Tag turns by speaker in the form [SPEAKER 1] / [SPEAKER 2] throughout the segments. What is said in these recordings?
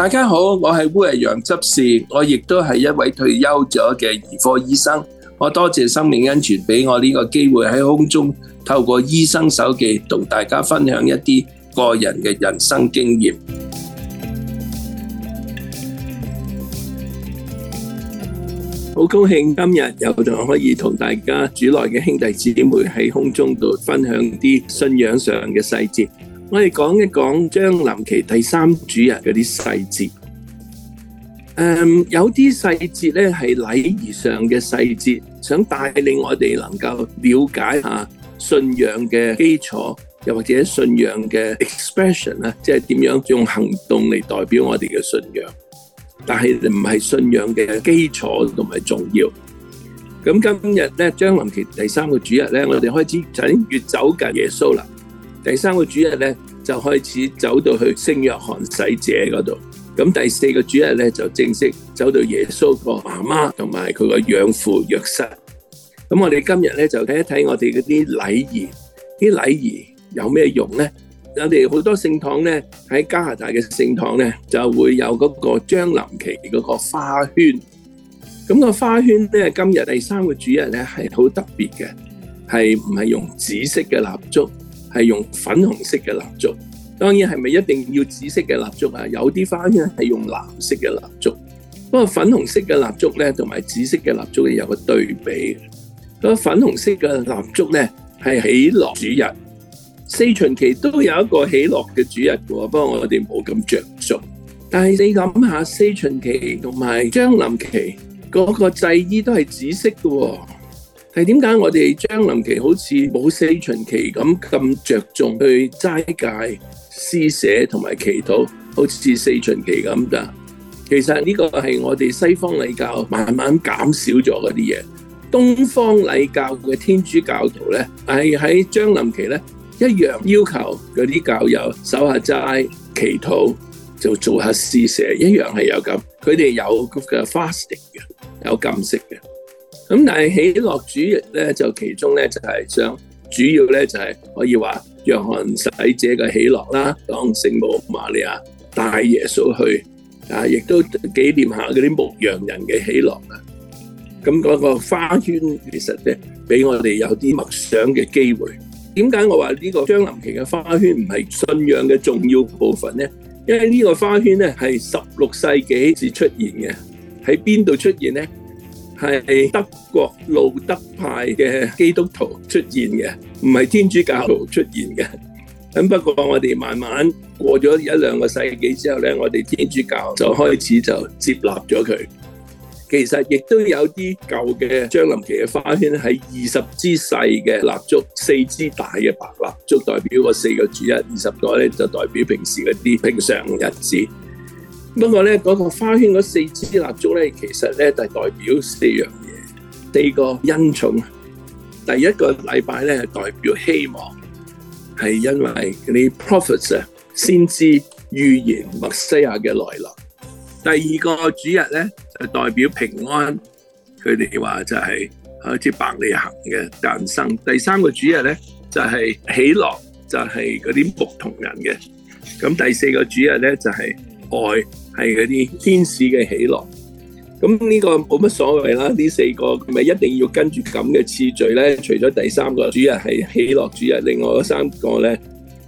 [SPEAKER 1] 大家好，我係烏日陽執事，我亦都係一位退休咗嘅兒科醫生。我多謝生命恩泉俾我呢個機會喺空中透過醫生手記同大家分享一啲個人嘅人生經驗。好高興今日又仲可以同大家主內嘅兄弟姊妹喺空中度分享啲信仰上嘅細節。我哋講一講將臨期第三主日嗰啲細節。誒，有啲細節咧係禮儀上嘅細節，想帶領我哋能夠了解下信仰嘅基礎，又或者信仰嘅 expression 啦，即係點樣用行動嚟，代表我哋嘅信仰。但係唔係信仰嘅基礎同埋重要。咁今日咧，將臨期第三個主日咧，我哋開始越越走近耶穌啦。第三個主日咧，就開始走到去聖若翰洗者嗰度。咁第四個主日咧，就正式走到耶穌個媽媽同埋佢個養父若瑟。咁我哋今日咧就睇一睇我哋嗰啲禮儀，啲禮儀有咩用咧？我哋好多聖堂咧喺加拿大嘅聖堂咧就會有嗰個將臨期嗰個花圈。咁、那個花圈咧，今日第三個主日咧係好特別嘅，係唔係用紫色嘅蠟燭？係用粉紅色嘅蠟燭，當然係咪一定要紫色嘅蠟燭啊？有啲花咧係用藍色嘅蠟燭，不過粉紅色嘅蠟燭咧同埋紫色嘅蠟燭咧有個對比。嗰粉紅色嘅蠟燭咧係喜樂主日，四旬期都有一個喜樂嘅主日嘅，不過我哋冇咁着重。但係你諗下，四旬期同埋將臨期嗰個祭衣都係紫色嘅，啊。係點解我哋將臨期好似冇四旬期咁咁着重去齋戒、施捨同埋祈禱，好似四旬期咁㗎？其實呢個係我哋西方禮教慢慢減少咗嗰啲嘢。東方禮教嘅天主教徒咧，係喺將臨期咧一樣要求嗰啲教友守下齋、祈禱，就做下施捨，一樣係有咁。佢哋有個 fasting 嘅，有禁食嘅。咁但係喜樂主日咧，就其中咧就係、是、想主要咧就係、是、可以話約翰洗者嘅喜樂啦，當聖母瑪利亞帶耶穌去，啊，亦都紀念下嗰啲牧羊人嘅喜樂啊。咁、那、嗰個花圈其實咧，俾我哋有啲默想嘅機會。點解我話呢個將臨期嘅花圈唔係信仰嘅重要部分咧？因為呢個花圈咧係十六世紀至出現嘅，喺邊度出現咧？係德國路德派嘅基督徒出現嘅，唔係天主教徒出現嘅。咁不過我哋慢慢過咗一兩個世紀之後咧，我哋天主教就開始就接納咗佢。其實亦都有啲舊嘅將臨期嘅花圈，係二十支細嘅蠟燭，四支大嘅白蠟燭，代表個四個主日，二十代咧就代表平時嗰啲平常日子。不過咧，嗰、那個花圈嗰四支蠟燭咧，其實咧就是、代表四樣嘢，四個恩寵。第一個禮拜咧，代表希望，係因為，Prophets 啊、er，先知預言默西亞嘅來臨。第二個主日咧，就代表平安，佢哋話就係好似伯利恆嘅誕生。第三個主日咧，就係、是、喜樂，就係嗰啲牧童人嘅。咁第四個主日咧，就係、是、愛。係嗰啲天使嘅喜樂，咁呢個冇乜所謂啦。呢四個咪一定要跟住咁嘅次序咧。除咗第三個主日係喜樂主日，另外嗰三個咧，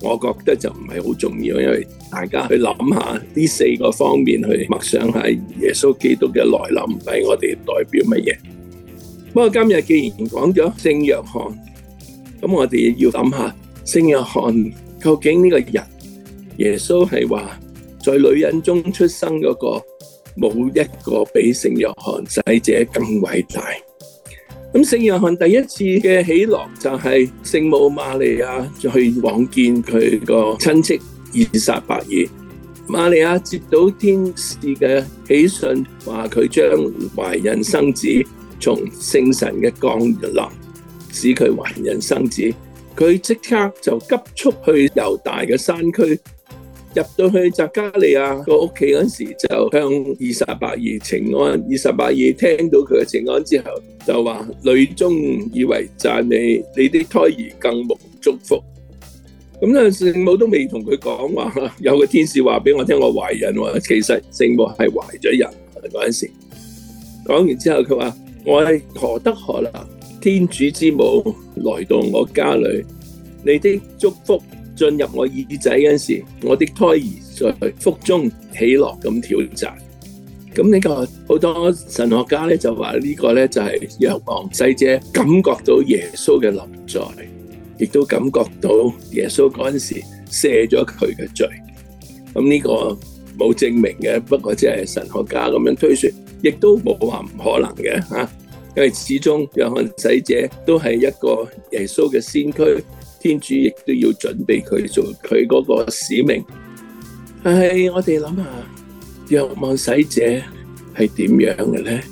[SPEAKER 1] 我覺得就唔係好重要，因為大家去諗下呢四個方面去默想下耶穌基督嘅來臨俾我哋代表乜嘢。不過今日既然講咗聖約翰，咁我哋要諗下聖約翰究竟呢個人耶穌係話。在女人中出生嗰、那個，冇一個比聖約翰使者更偉大。咁聖約翰第一次嘅喜樂就係聖母瑪利亞去往見佢個親戚依撒伯爾。瑪利亞接到天使嘅喜訊，話佢將懷孕生子，從聖神嘅降臨使佢懷孕生子。佢即刻就急速去猶大嘅山區。入到去扎加利亞個屋企嗰陣時，就向二十八夜請安。二十八夜聽到佢嘅請安之後，就話：女中以為讚你，你啲胎兒更蒙祝福。咁、嗯、咧，聖母都未同佢講話，有個天使話俾我聽，我懷孕。其實聖母係懷咗人嗰陣時。講完之後，佢話：我係何德何能，天主之母來到我家裏，你啲祝福。進入我耳仔嗰陣時，我的胎兒在腹中喜樂咁跳扎。咁呢個好多神學家咧就話呢個咧就係約翰洗者感覺到耶穌嘅臨在，亦都感覺到耶穌嗰陣時赦咗佢嘅罪。咁呢個冇證明嘅，不過即係神學家咁樣推説，亦都冇話唔可能嘅嚇，因為始終約翰洗者都係一個耶穌嘅先驅。天主亦都要準備佢做佢嗰個使命。唉，我哋諗下，若望洗者係點樣嘅咧？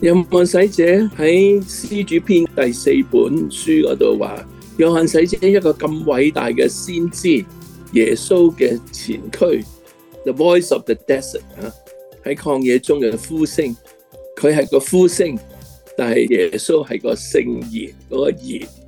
[SPEAKER 1] 若望洗者喺《詩主篇》第四本書嗰度話，若望洗者一個咁偉大嘅先知，耶穌嘅前驅，The Voice of the Desert 啊，喺曠野中嘅呼聲。佢係個呼聲，但係耶穌係個聖言嗰言。那個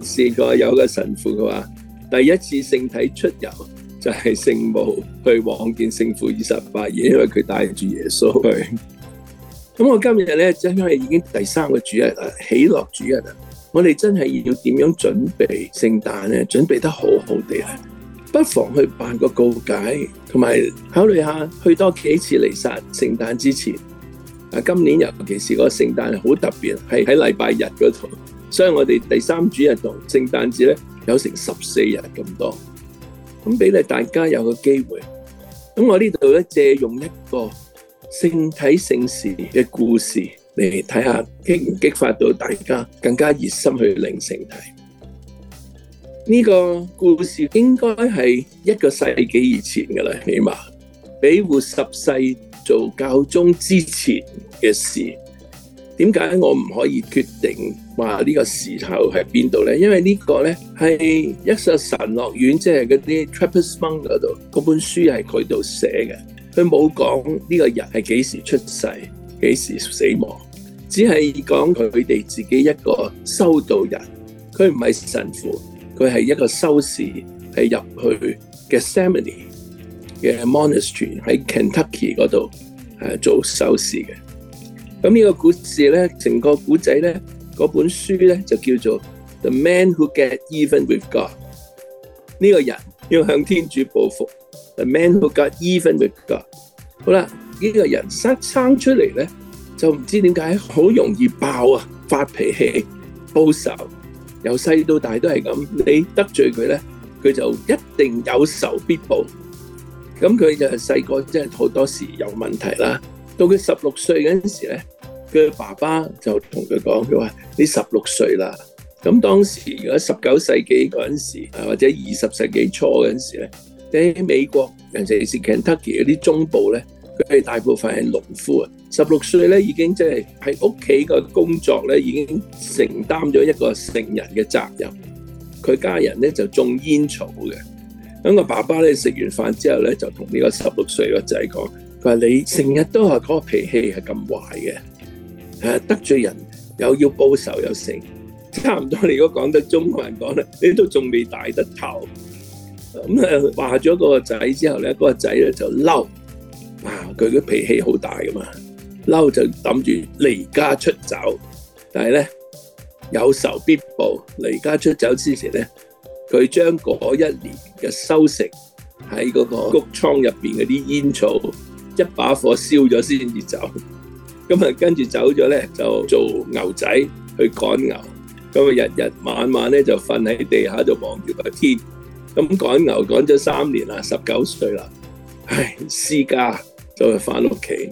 [SPEAKER 1] 試過有個神父話：第一次聖體出遊就係聖母去往見聖父二十八夜，因為佢帶住耶穌去。咁我今日咧，因為已經第三個主日啊，喜樂主日啊！我哋真係要點樣準備聖誕咧？準備得好好地啦，不妨去辦個告解，同埋考慮下去多幾次嚟殺聖誕之前。啊，今年尤其是個聖誕好特別，係喺禮拜日嗰度。所以我哋第三主日同聖誕節咧有成十四日咁多，咁俾你大家有個機會。咁我呢度咧借用一個聖體聖事嘅故事嚟睇下，激唔激發到大家更加熱心去領聖體？呢個故事應該係一個世紀以前嘅啦，起碼碧岳十世做教宗之前嘅事。點解我唔可以決定話呢、呢個時候係邊度咧？因為呢個呢個咧係一隻神樂院，即係嗰啲 Trappist monk 嗰度，嗰本書係佢度寫嘅。佢冇講呢個人係幾時出世、幾時死亡，只係講佢哋自己一個修道人。佢唔係神父，佢係一個修士，係入去 Gethsemane 嘅 monastery 喺 Kentucky 度、啊、做修士嘅。咁呢個故事咧，成個古仔咧，嗰本書咧就叫做《The Man Who Get Even With God》。呢個人要向天主報復，《The Man Who Get Even With God》。好啦，呢個人生生出嚟咧，就唔知點解好容易爆啊，發脾氣、報仇，由細到大都係咁。你得罪佢咧，佢就一定有仇必報。咁佢就係細個，即係好多時有問題啦。到佢十六歲嗰陣時咧，佢爸爸就同佢講，佢話你十六歲啦。咁當時如果十九世紀嗰陣時，或者二十世紀初嗰陣時咧，喺美國尤其是 Kentucky 嗰啲中部咧，佢哋大部分係農夫啊。十六歲咧已經即係喺屋企個工作咧已經承擔咗一個成人嘅責任。佢家人咧就種煙草嘅。咁個爸爸咧食完飯之後咧，就同呢個十六歲個仔講。佢話：你成日都係嗰個脾氣係咁壞嘅，誒得罪人又要報仇又成，差唔多你如果講得中國人講咧，你都仲未大得頭咁咧。話咗嗰個仔之後咧，嗰個仔咧就嬲啊！佢嘅脾氣好大噶嘛，嬲就諗住離家出走。但係咧有仇必報，離家出走之前咧，佢將嗰一年嘅收成喺嗰個谷倉入邊嗰啲煙草。一把火燒咗先至走，咁啊跟住走咗咧就做牛仔去趕牛，咁啊日日晚晚咧就瞓喺地下度望住個天，咁趕牛趕咗三年啦，十九歲啦，唉私家就去翻屋企，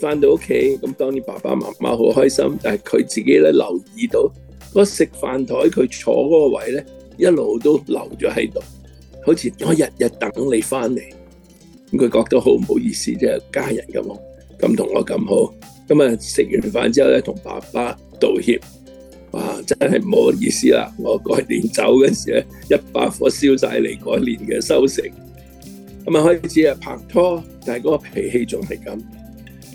[SPEAKER 1] 翻到屋企，咁當年爸爸媽媽好開心，但係佢自己咧留意到個食飯台佢坐嗰個位咧一路都留咗喺度，好似我日日等你翻嚟。咁佢覺得好唔好意思，即係家人咁喎，咁同我咁好，咁啊食完飯之後咧，同爸爸道歉，嘩真係唔好意思啦，我嗰年走嗰時咧，一把火燒晒你嗰年嘅收成，咁啊開始啊拍拖，但係嗰個脾氣仲係咁，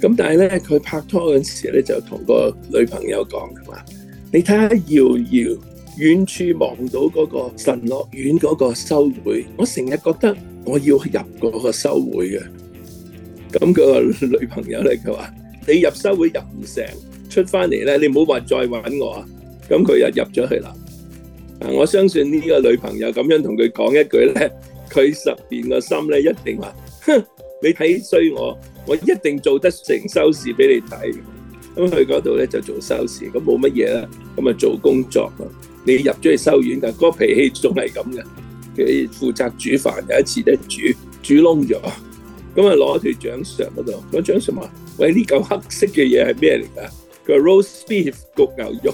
[SPEAKER 1] 咁但係咧佢拍拖嗰時咧就同個女朋友講㗎嘛，你睇下遙遙遠處望到嗰個神樂院嗰個修會，我成日覺得。我要入嗰個修會嘅，咁個女朋友咧，佢話，你入修會入唔成，出翻嚟咧，你唔好話再玩我啊！咁佢又入咗去啦。我相信呢個女朋友咁樣同佢講一句咧，佢十年個心咧一定話：，哼，你睇衰我，我一定做得成修士俾你睇。咁佢嗰度咧就做修士，咁冇乜嘢啦。咁啊做工作，你入咗去修院噶，個脾氣仲係咁嘅。負責煮飯，有一次咧煮，煮燶咗，咁啊攞咗條掌上嗰度，個掌上話：，喂呢嚿黑色嘅嘢係咩嚟噶？個 roast beef 焗牛肉，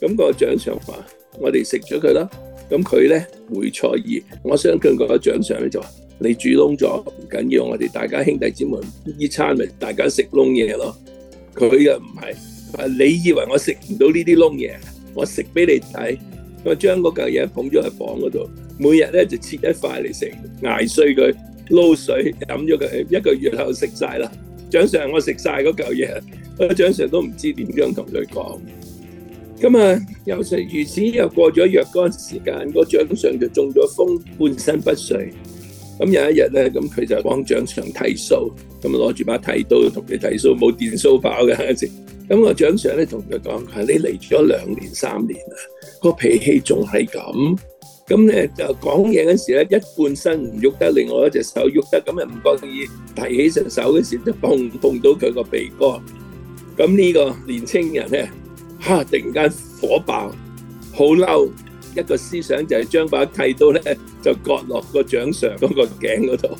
[SPEAKER 1] 咁、個掌上話：，我哋食咗佢啦。咁佢咧會錯意。我相信個掌上咧就話你煮燶咗，唔緊要，我哋大家兄弟姊妹呢餐咪大家食燶嘢咯。佢又唔係，你以為我食唔到呢啲燶嘢？我食俾你睇，佢，我將嗰嚿嘢捧咗喺房嗰度。每日咧就切一塊嚟食，挨碎佢撈水飲咗佢，一個月後食晒啦。長上我食晒嗰嚿嘢，我長上都唔知點樣同佢講。咁啊，又食如此又過咗若干時間，個長上就中咗風，半身不遂。咁有一日咧，咁佢就幫長上剃須，咁啊攞住把剃刀同佢剃須，冇電鬚刨嘅嗰時。咁我長上咧同佢講：，你嚟咗兩年三年啦，個脾氣仲係咁。咁咧就講嘢嗰時咧，一半身唔喐得，另外一隻手喐得，咁又唔覺意提起隻手嗰時就碰碰到佢個鼻哥。咁呢個年青人咧，嚇突然間火爆，好嬲，一個思想就係將把剃刀咧就割落個掌上嗰個頸嗰度。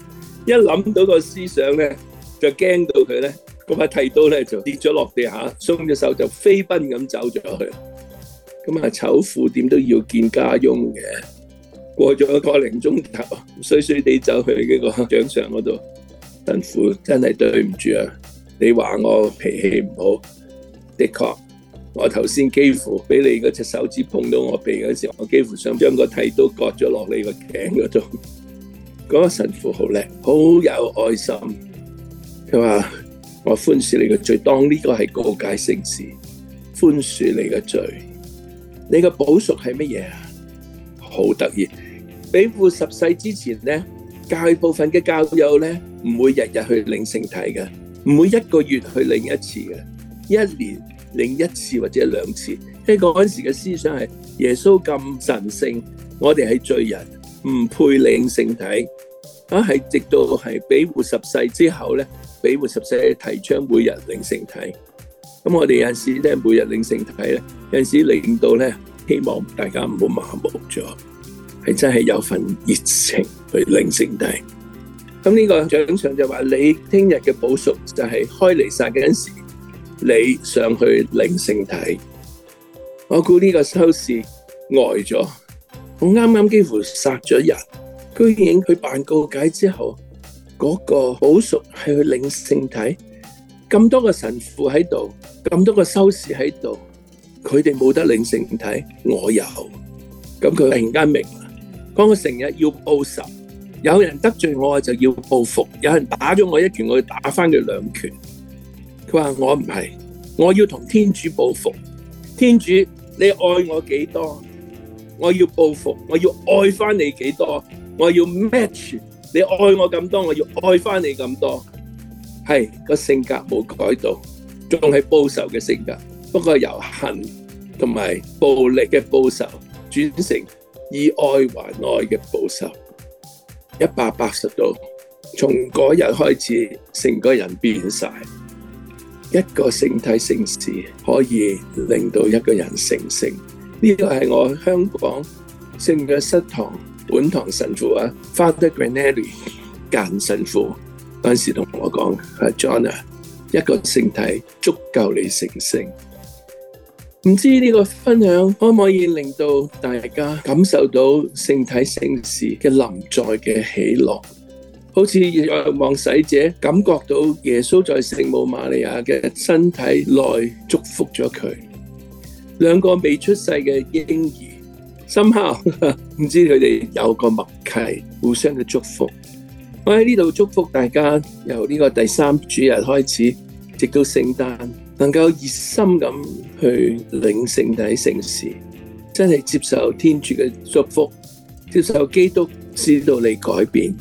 [SPEAKER 1] 一諗到個思想咧，就驚到佢咧，嗰把剃刀咧就跌咗落地下，鬆咗手就飛奔咁走咗去。咁啊，醜婦點都要見家翁嘅。過咗個零鐘頭，衰衰地走去呢個長上嗰度，神父真係對唔住啊！你話我脾氣唔好，的確，我頭先幾乎俾你嗰隻手指碰到我鼻嗰時，我幾乎想將個剃刀割咗落你個頸嗰度。嗰、那個神父好叻，好，好有愛心。佢話我寬恕你個罪，當呢個係告解聖事，寬恕你個罪。你個保贖係乜嘢啊？好得意。庇護十世之前咧，教會部分嘅教友咧，唔會日日去領聖體嘅，唔會一個月去領一次嘅，一年領一次或者兩次。喺嗰陣時嘅思想係耶穌咁神聖，我哋係罪人，唔配領聖體。啊，係直到係庇護十世之後咧，庇護十世提倡每日領聖體。咁我哋有陣時咧，每日領聖體咧，有陣時令到咧，希望大家唔好麻木咗。係真係有份熱情去領聖體。咁呢個獎賞就話：你聽日嘅保屬就係開嚟殺嗰陣時，你上去領聖體。我估呢個修士呆咗。我啱啱幾乎殺咗人，居然佢辦告解之後，嗰個保屬係去領聖體。咁多個神父喺度，咁多個修士喺度，佢哋冇得領聖體，我有。咁佢突然間明。講我成日要報仇，有人得罪我我就要報復，有人打咗我一拳，我要打翻佢兩拳。佢話我唔係，我要同天主報復。天主你愛我幾多，我要報復，我要愛翻你幾多，我要 match 你愛我咁多，我要愛翻你咁多。係、那個性格冇改到，仲係報仇嘅性格，不過由恨同埋暴力嘅報仇轉成。以愛還愛嘅保守，一百八十度，從嗰日開始，成個人變晒。一個聖體聖事可以令到一個人成聖，呢個係我香港聖約瑟堂本堂神父啊，Father Granelli 間神父，嗰陣時同我講，阿 John，一個聖體足夠你成聖。唔知呢個分享可唔可以令到大家感受到聖體聖事嘅臨在嘅喜樂，好似若望洗者感覺到耶穌在聖母瑪利亞嘅身體內祝福咗佢。兩個未出世嘅嬰兒，深刻唔知佢哋有個默契，互相嘅祝福。我喺呢度祝福大家，由呢個第三主日開始。直到聖誕，能夠熱心咁去領聖體聖事，真係接受天主嘅祝福，接受基督之道嚟改變，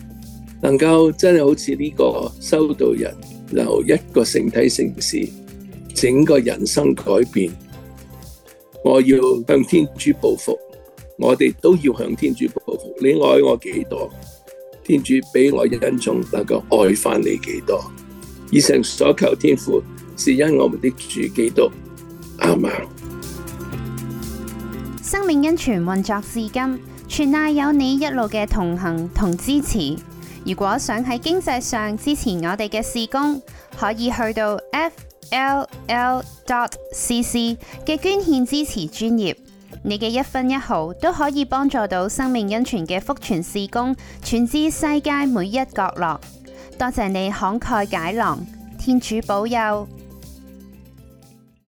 [SPEAKER 1] 能夠真係好似呢個修道人，由一個聖體聖事，整個人生改變。我要向天主報復，我哋都要向天主報復，你愛我幾多，天主俾我恩寵，能夠愛翻你幾多。以上所求天父，是因我們的主基督。Amen。生命恩泉運作至今，全賴有你一路嘅同行同支持。如果想喺經濟上支持我哋嘅事工，可以去到 fll dot cc 嘅捐獻支持專頁，你嘅一分一毫都可以幫助到生命恩泉嘅福傳事工，傳至世界每一角落。多謝你慷慨解囊，天主保佑。